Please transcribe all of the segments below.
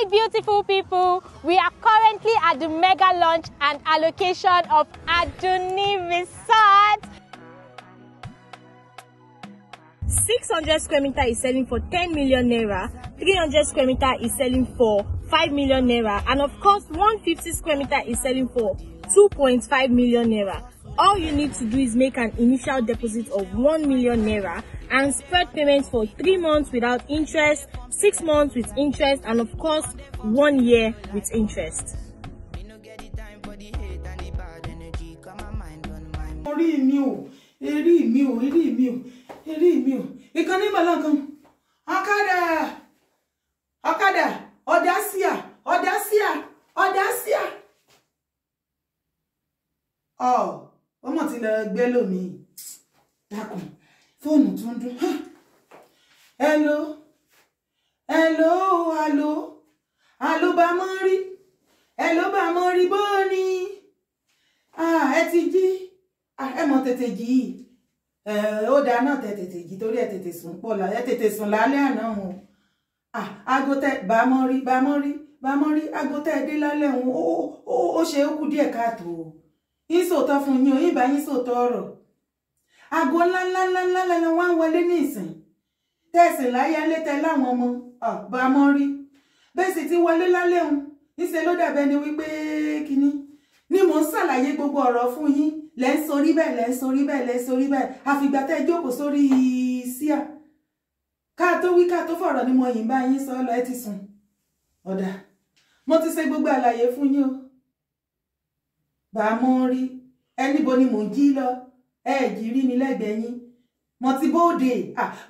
Hi beautiful people, we are currently at the mega launch and allocation of Aduni Resort. 600 square meter is selling for 10 million naira, 300 square meter is selling for 5 million naira and of course 150 square meter is selling for 2.5 million naira. All you need to do is make an initial deposit of 1 million naira and spread payments for three months without interest, six months with interest, and of course, one year with interest. orí mi ò erí mi ò erí mi ò erí mi ò ìkànnì ìmọ̀lọ́kan ọ̀kadà ọ̀kadà ọ̀dásíà ọ̀dásíà ọ̀dásíà ọ̀ ọmọ tí lọ gbé lómi dákun fóònù tó ń dún hello hello alo alo bá mọ́ rí hello bá mọ́ rí bó ni ẹ ti jí ẹ mọ̀ tètè jí yìí ó dáa náà tẹ tètè jí torí ẹ tètè sùn pọ̀ là ẹ tètè sùn lálẹ́ àná o aago tẹ bá mọ́ rí bá mọ́ rí bá mọ́ rí aago tẹ dé lálẹ́ òun ó ṣe é kú díẹ̀ káàtó o yín sòótọ́ fún yín o yín bá yín sòótọ́ ọ̀rọ̀ aago ńláńláńláńlá lẹnu wá ń wọlé ní ìsìn tẹ̀sí láyé létẹ láwọn ọmọ ọba mọ́ rí bẹ́ẹ̀ sì ti wọlé lálẹ́ òun níṣẹ́ ló dàbẹ́ ni wípé kínní ni mò ń ṣàlàyé gbogbo ọ̀rọ̀ fún yín lẹ́ ń sorí bẹ́ẹ̀ lẹ́ ń sorí bẹ́ẹ̀ lẹ́ ń sorí bẹ́ẹ̀ àfìgbà tẹ́ ẹ jókòó sórí síà ká wí ká tó ni mo yìn bá yín sọ lọ ẹ ti sùn ọ̀dà mo ti ṣe gbogbo àlàyé fún yín o bàá mọ́ rí ẹ níbo ni mò ń jí lọ ẹ̀ẹ́dì rí mi lẹ́gbẹ̀ẹ́ yín mo ti bóde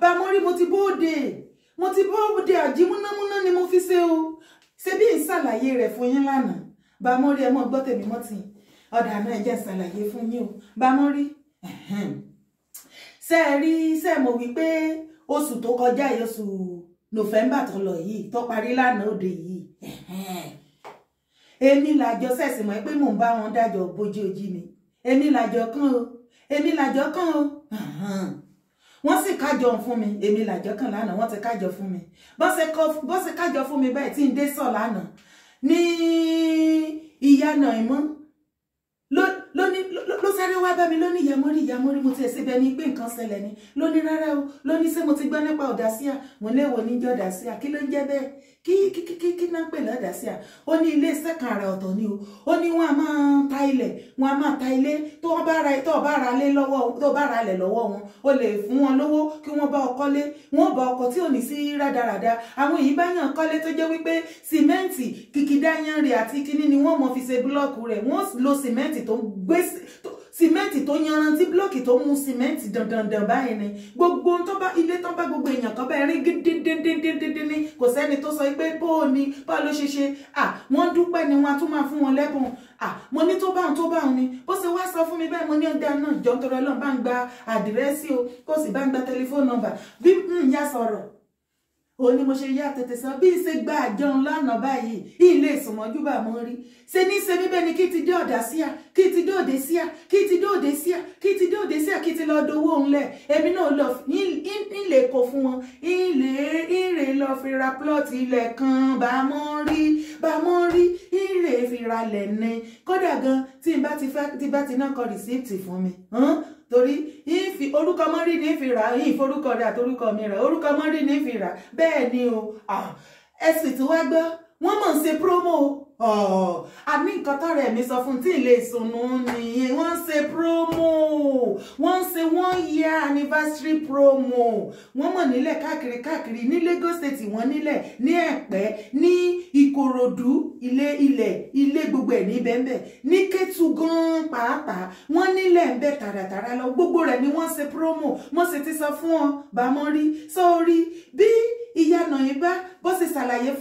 bá mo rí mo ti bóde mo ti bóde àjí múnámúná ni mo fi ṣe o ṣe bí n ṣàlàyé rẹ̀ fún yín lánàá bá mo rí ẹ mọ́ gbọ́ tèmi mọ́ tì ọ̀dà náà ẹ jẹ́ ṣàlàyé fún yín o bá mo rí ṣe é rí ṣe mo wí pé oṣù tó kọjá yìí oṣù November tó lọ yìí tó parí lánàá òde yìí èmi làjọ ṣẹ̀sìn pé mò ń bá wọn dájọ́ bójú ojí ni èmi làjọ kan o èmi làjọ kan o wọ́n sì kájọ fún mi èmi làjọ kan lánàá wọ́n ti kájọ fún mi bọ́n ṣe kájọ fún mi báyìí tí ń dé sọ lánàá ní ìyá náà ìmọ̀ ló ní ló sáré wá bá mi lónìí ìyàmọ́rí ìyàmọ́rí mo ti ẹ̀ síbẹ̀ ní pé nǹkan ṣẹlẹ̀ ni lónìí rárá o lónìí ṣé mo ti gbọ́ nípa ọ̀dàsíà mo léwo níjọ́ ọ̀dàsíà kí ló ń jẹ́ bẹ́ẹ̀ kí kí kí kí náà ń pè lọ́dàsíà ó ní ilé iṣẹ́ kan àrà ọ̀tọ̀ ni o ó ní wọ́n a máa ta ilẹ̀ wọ́n a máa ta ilé tó bá ra tó bá ra lé lọ́wọ́ tó bá ra lẹ̀ lọ́wọ́ wọn o lè fún wọn lówó kí wọ́n bá ọkọ́ lé wọ́n bá ọkọ̀ tí ò ní sí rádaràda àwọn èyí bá yàn kọ́lé tó jẹ́ wípé sìmẹ́ǹtì kìkìdá yanrìn àti kíní ni wọ́n mọ̀ fi ṣe búlọ́ọ̀kù rẹ̀ wọ́n lo sìmẹ́ǹtì tó ń gbé sìmẹ́ǹtì to yanrantí blọ́ọ̀kì to mú sìmẹ́ǹtì dandandan báyìí ni gbogbo tó bá ilé tó bá gbogbo èèyàn kan báyìí rí gídíndíndíndíndín ni kò sẹ́ni tó sọ pé bóò ni báwo ló ṣe ṣe à wọ́n dúpẹ́ ni wọ́n á tún máa fún wọn lẹ́bùn à mo ní tó báwọn tó báwọn ni bó ṣe wá sọ fún mi bẹ́ẹ̀ mo ní ọ̀dà náà jọ́ torí ọlọ́run bá ń gba àdírẹ́sì o kó sì bá ń gba tẹlifóònù nọ́mbà bí ń yá sọ̀rọ̀ ó ní mo ṣe yá tètè sọ bí n ṣe gba àjọun lánàá báyìí ilé ìsùnmọ́jú bá mo rí ṣe ní ṣe bíbẹ́ ni kí ti dé ọ̀dà síà kí ti dé òde síà kí ti dé òde síà kí ti dé òde síà kí ti lọ dowó ńlẹ̀ èmi náà lọ nílé kó fún wọn ilé ìrè lọ fi ra plọ́ọ̀tì ilẹ̀ kan bá mọ́ rí bá mọ́ rí ìrè fi ra lẹ̀ ní kódà gan tí n bá ti ná kọ rìsíìtì fún mi torí ìfi orúkọ mọ́rí ní fi rà ìforúkọ rẹ̀ àtorúkọ mi rà orúkọ mọ́rí ní fi rà bẹ́ẹ̀ ni o ẹ sì tún wá gbọ́ wọ́n mọ̀ ń ṣe promo àní oh, nǹkan tọrọ ẹ̀mí sọ fún tí ilé ìsúnú ni wọ́n ṣe promo wọ́n ń ṣe one year anniversary promo wọ́n mọ̀ nílẹ̀ káàkiri káàkiri ní Lagos State wọ́n nílẹ̀ ní Ẹ̀pẹ́ ní Ìkòròdú ilé ilẹ̀ ilé gbogbo ẹ̀ ní bẹ́ẹ̀ ní Kétu gan pàápàá wọ́n nílẹ̀ ń bẹ tààràtààrà lọ gbogbo rẹ̀ ni wọ́n ṣe promo mo sì ti sọ fún ọ bàmọ́ rí sórí bí ìyá nàìbá bó ṣe ṣàlàyé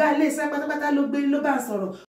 ọ̀gá ilé iṣẹ́ pátápátá ló gbé ló bá sọ̀rọ̀